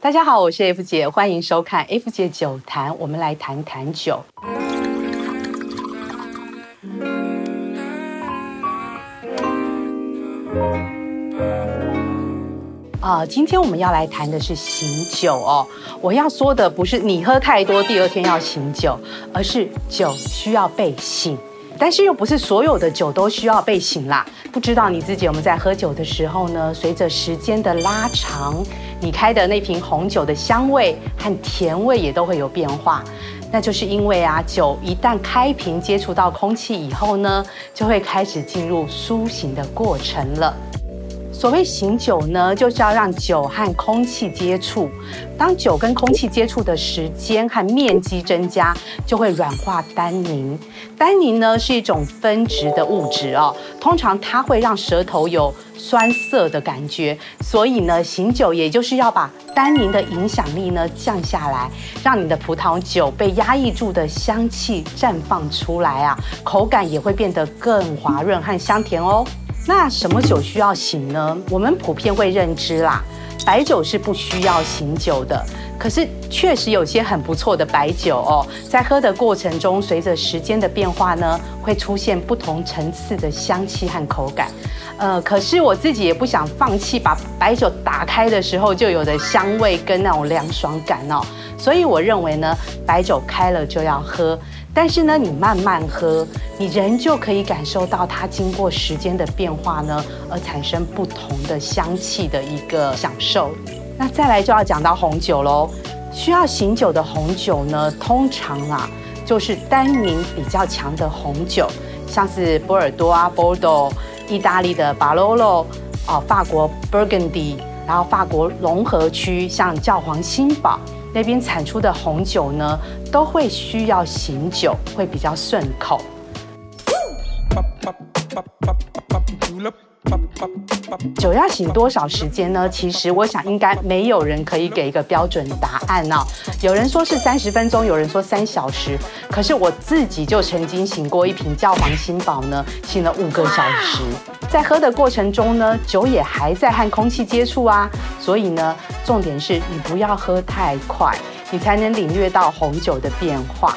大家好，我是 F 姐，歡迎收看 F 姐酒談，我們來談談酒。啊，uh，今天我們要來談的是醒酒哦。我要說的不是你喝太多第二天要醒酒，而是酒需要被醒。但是又不是所有的酒都需要被醒啦。不知道你自己有沒有在喝酒的時候呢，隨着時間的拉長，你開的那瓶紅酒的香味和甜味也都會有變化。那就是因為啊，酒一旦開瓶接觸到空氣以後呢，就會開始進入蘇醒的過程了。所謂醒酒呢，就是要讓酒和空氣接觸。當酒跟空氣接觸的時間和面積增加，就會軟化單寧。單寧呢是一種分值的物質哦。通常它會讓舌頭有酸澀的感覺。所以呢，醒酒也就是要把單寧的影響力呢降下來，讓你的葡萄酒被壓抑住的香氣綻放出來啊，口感也會變得更滑潤和香甜哦。那什麼酒需要醒呢？我們普遍會認知啦，白酒是不需要醒酒的。可是確實有些很不錯的白酒哦，在喝的過程中，隨着時間的變化呢，會出現不同層次的香氣和口感。呃，可是我自己也不想放棄把白酒打開的時候就有的香味跟那種涼爽感哦，所以我認為呢，白酒開了就要喝。但是呢，你慢慢喝，你仍舊可以感受到它經過時間的變化呢，而產生不同的香氣的一個享受。那再來就要講到紅酒嘍，需要醒酒的紅酒呢，通常啊就是單寧比較強的紅酒，像是波爾多啊 Bordeaux 意大利的巴羅羅啊、法國 （Burgundy），然後法國隆河區，像教皇新堡。那邊產出的紅酒呢，都會需要醒酒，會比較順口。酒要醒多少時間呢？其實我想應該沒有人可以給一個標準答案哦。有人說是三十分鐘，有人說三小時，可是我自己就曾經醒過一瓶教皇新堡呢，醒了五個小時。在喝的過程中呢，酒也還在和空氣接觸啊，所以呢，重點是你不要喝太快，你才能領略到紅酒的變化。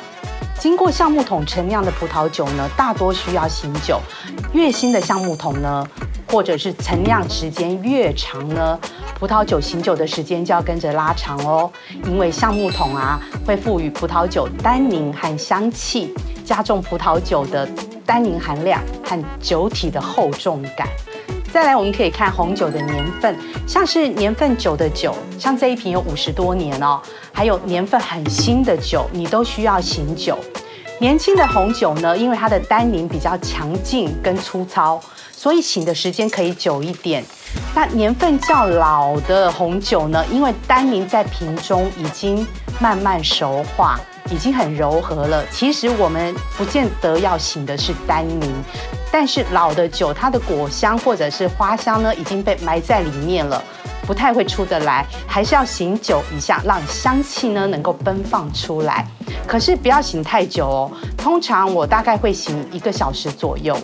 經過橡木桶陳釀的葡萄酒呢，大多需要醒酒。越新的橡木桶呢，或者是陳釀時間越長呢，葡萄酒醒酒的時間就要跟着拉長哦。因為橡木桶啊，會賦予葡萄酒單寧和香氣，加重葡萄酒的單寧含量和酒體的厚重感。再來，我們可以看紅酒的年份，像是年份久的酒，像這一瓶有五十多年哦，還有年份很新的酒，你都需要醒酒。年輕的紅酒呢，因為它的單寧比較強勁跟粗糙。所以醒的時間可以久一點，那年份較老的紅酒呢，因為單寧在瓶中已經慢慢熟化，已經很柔和了。其實我們不見得要醒的是單寧，但是老的酒，它的果香或者是花香呢，已經被埋在裡面了，不太會出得來，還是要醒酒一下，讓香氣呢，能夠奔放出來。可是不要醒太久哦，通常我大概會醒一個小時左右。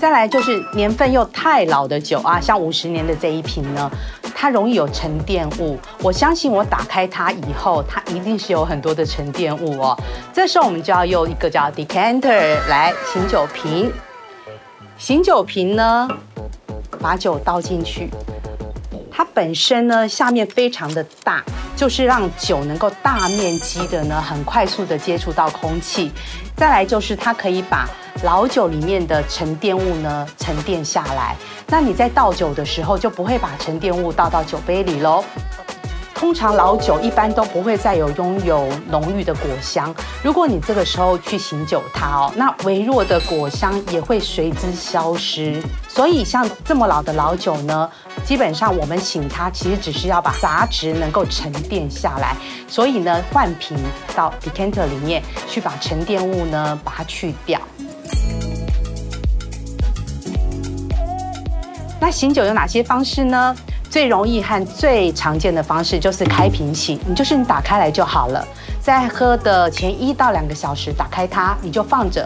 再來就是年份又太老的酒啊，像五十年的這一瓶呢，它容易有沉澱物。我相信我打開它以後，它一定是有很多的沉澱物哦。這時候我們就要用一個叫 decanter 來醒酒瓶，醒酒瓶呢，把酒倒進去，它本身呢，下面非常的大。就是讓酒能夠大面積的呢，很快速的接觸到空氣，再來就是它可以把老酒裡面的沉澱物呢沉澱下來，那你在倒酒的時候就不會把沉澱物倒到酒杯裡咯。通常老酒一般都不會再有擁有濃郁的果香，如果你這個時候去醒酒它哦，那微弱的果香也會隨之消失。所以像這麼老的老酒呢，基本上我們醒它其實只是要把雜質能夠沉澱下來，所以呢換瓶到 Decanter 裡面去把沉澱物呢把它去掉。那醒酒有哪些方式呢？最容易和最常見的方式就是開瓶醒，你就是你打開來就好了，在喝的前一到兩個小時打開它，你就放着，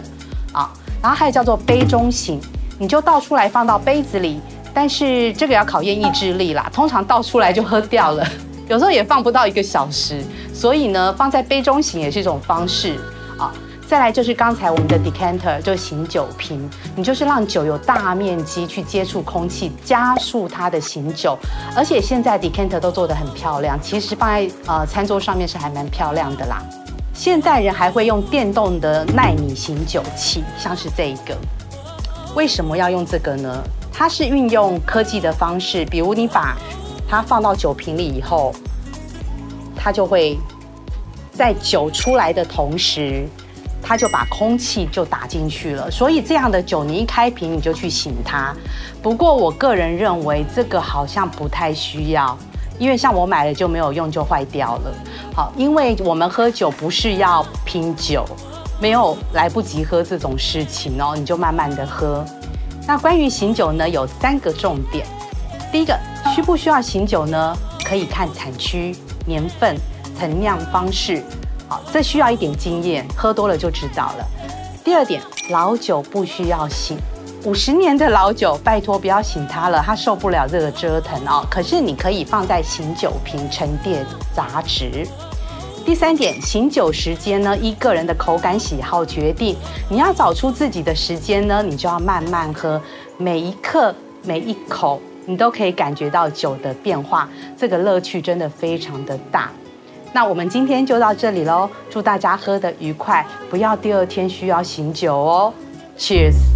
啊，然後還有叫做杯中醒，你就倒出來放到杯子裡，但是這個要考驗意志力啦，通常倒出來就喝掉了，有時候也放不到一個小時，所以呢，放在杯中醒也是一種方式。再來就是剛才我們的 decanter 就醒酒瓶，你就是讓酒有大面積去接觸空氣，加速它的醒酒。而且現在 decanter 都做得很漂亮，其實放在呃餐桌上面是還蠻漂亮的啦。現在人還會用電動的奈米醒酒器，像是這一個。為什麼要用這個呢？它是運用科技的方式，比如你把它放到酒瓶裡以後，它就會在酒出來的同時。他就把空氣就打進去了，所以這樣的酒你一開瓶，你就去醒它。不過我個人認為這個好像不太需要，因為像我買了就沒有用就壞掉了。好，因為我們喝酒不是要拼酒，沒有來不及喝這種事情哦，你就慢慢的喝。那關於醒酒呢，有三個重點。第一個，需不需要醒酒呢？可以看產區、年份、陳釀方式。好，這需要一點經驗，喝多了就知道了。第二點，老酒不需要醒，五十年的老酒，拜託不要醒它了，它受不了這個折騰哦。可是你可以放在醒酒瓶沉澱雜質。第三點，醒酒時間呢，依個人的口感喜好決定。你要找出自己的時間呢，你就要慢慢喝，每一刻每一口，你都可以感覺到酒的變化，這個樂趣真的非常的大。那我們今天就到這裡嘍，祝大家喝得愉快，不要第二天需要醒酒哦。Cheers。